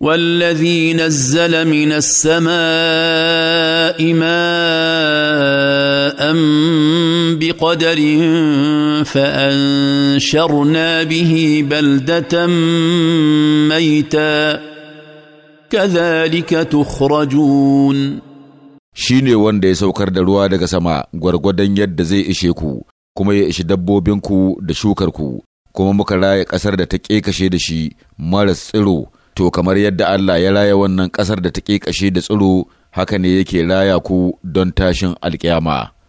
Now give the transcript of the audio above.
والذي نزل من السماء ماء بقدر فانشرنا به بلده ميتا كذلك تخرجون shine wanda ya saukar da ruwa daga sama gwargwadon yadda zai ishe ku kuma ya ishi dabbobinku da shukarku kuma muka raya ƙasar da ta ƙekashe da shi maras tsiro to kamar yadda Allah ya raya wannan ƙasar da ta ƙashi da tsiro haka ne yake raya ku don tashin alƙiyama.